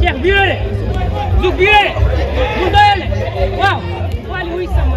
Cheikh biiree de Zouk biiree de mu doyale waaw wali wuy sama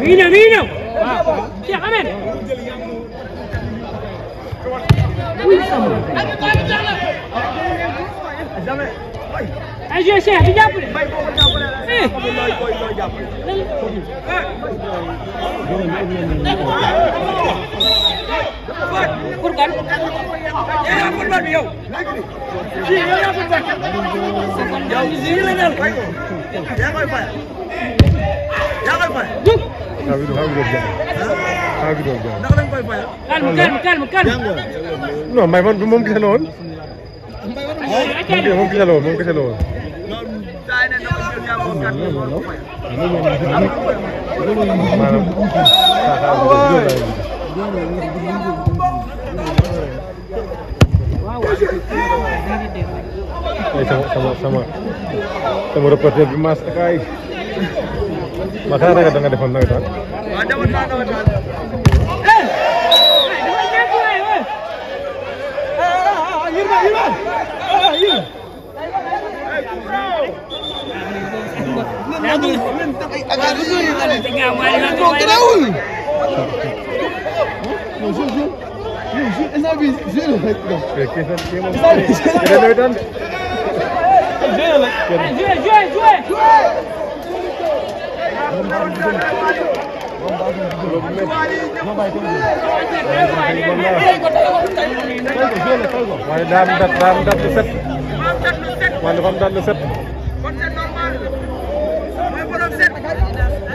mi ngi ñëw mi ngi ñëw waaw Cheikh Ahmed ay jërëjëf Cheikh di jàppale. Eh. pour kan. yow yaa football bi yow. kii yow yaa football. yow kii la ñu yaa sama-sama. Sama-sama. Sama-sama. Sama-sama. Sama-sama. Sama-sama. Sama-sama. Sama-sama. Sama-sama. Sama-sama. Sama-sama. Sama-sama. Sama-sama. Sama-sama. Sama-sama. Sama-sama. sama sama sama Sama-sama. Sama-sama. Sama-sama. Maka ada kadang ada fanda kita. Ada fanda ada fanda. Eh, jangan jangan tu eh. Ah, Irma Irma. Ah, Irma. Agak dulu ya tadi. Tengah main. Kedaul. Musuh musuh. Musuh. Enak bis. Zero. Kita kita mau. Kita kita. Zero. Zero. Zero. Zero. waaye daa am dat daa am dat lu set waaye dafa am dat lu set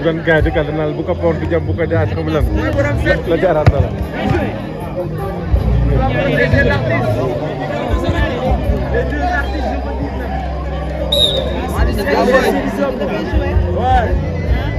gan gaay di kàll naan bu ko poor di jam bu ko jaay xam lan la jaaraat dara Ouais.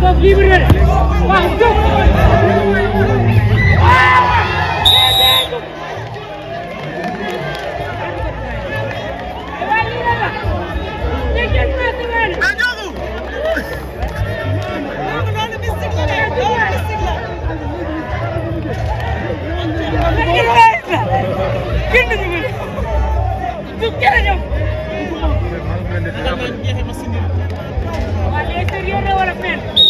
¡Vamos, libre! ¡Vamos! ¡Vamos! ¡Vamos! ¡Vamos! ¡Vamos! ¡Vamos! ¡Vamos! ¡Vamos! a ¡Vamos! ¡Vamos! ¡Vamos! ¡Vamos! ¡Vamos! ¡Vamos! a ¡Vamos!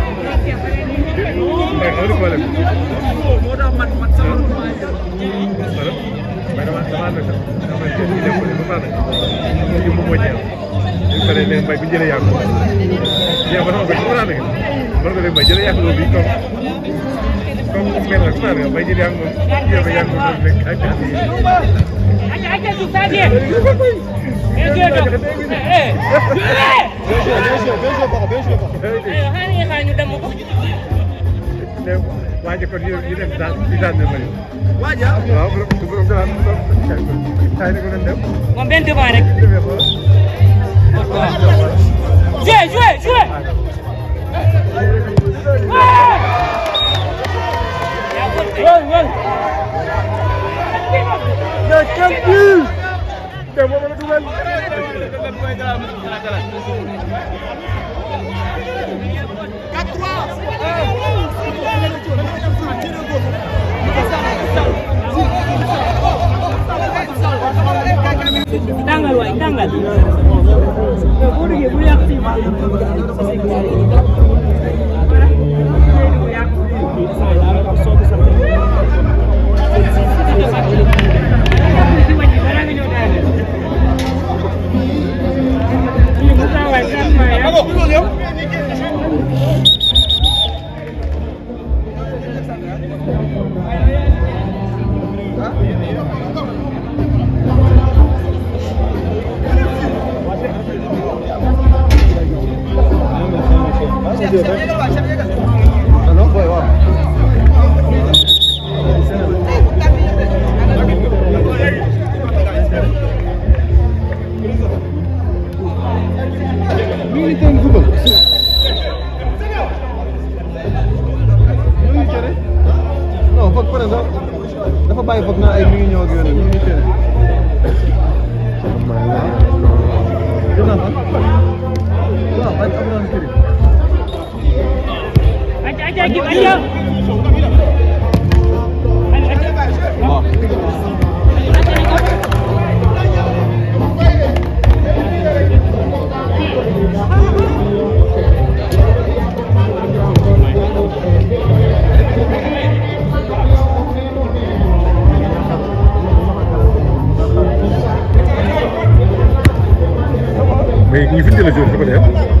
amul problème. moo tax man man sama maa jël. mais damaa damaa dëkk damaa jël ñu def ko de ba pare ñu mu moo ñeel. ñu paree ne mbay bu jëlee yàqu. yaa ba dama ko ci mën a dëgg mën nga leen mbay jëlee yàqu loolu bi toog. 너무 스멜라 그나요 마이들이 한거 이제 양거 그렇게 같이 아니 아니 좀 싸게 waaja kon ñu ñu dem daal di daal di bëri. waaja waaw bu bu bu daal di ko daal di ko doon def. moom benn devant rek. joué joué joué. mais kenn bii te moom la dugal. tàngal waay tàngal. anh giúp anh nhá Mais не видели же, что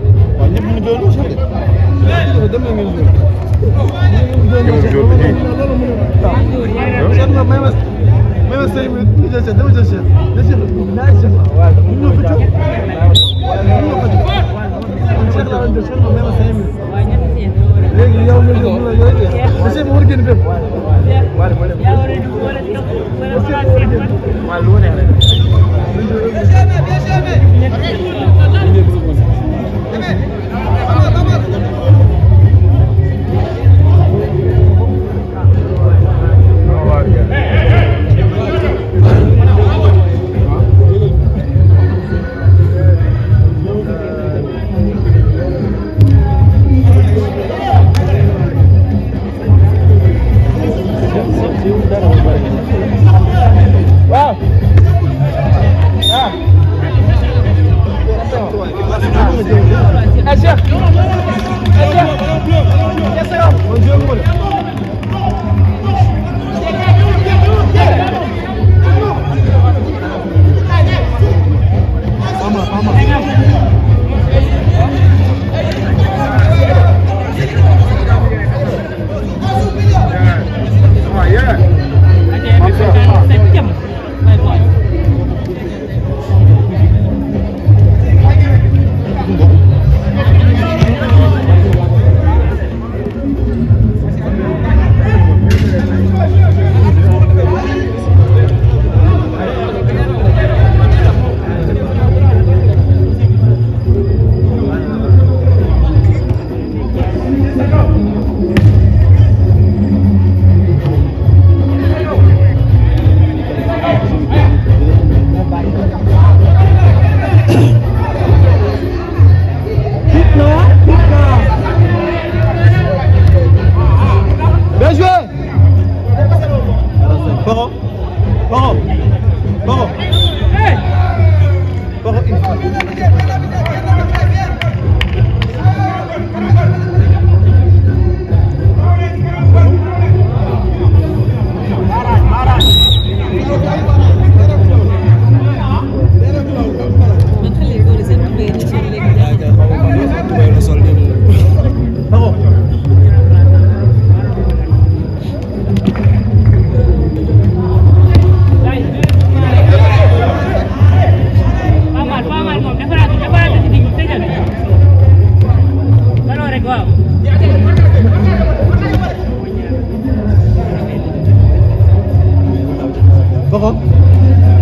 ñëpp ñu doon ñu seede dem ngeen ñu ñu doon ñu seede may ma may ma say mi ñu jël seede dama jël seede jël seede naa seede ñu ñu ko ci ñu ko ci seede la ñu seede may ma say mi léegi yow ñu ñu la yoy de seede war gën fépp waaw waaw lu ne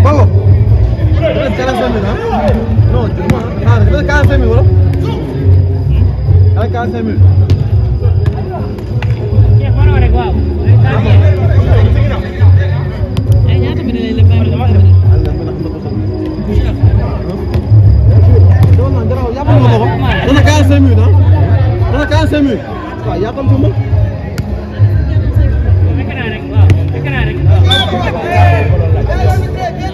Bago. Debe 45 mil, ¿ah? No, ah, debe 45 mil, bro. Debe 45 mil. Waaw, fekk naa rek. Melhor me beber.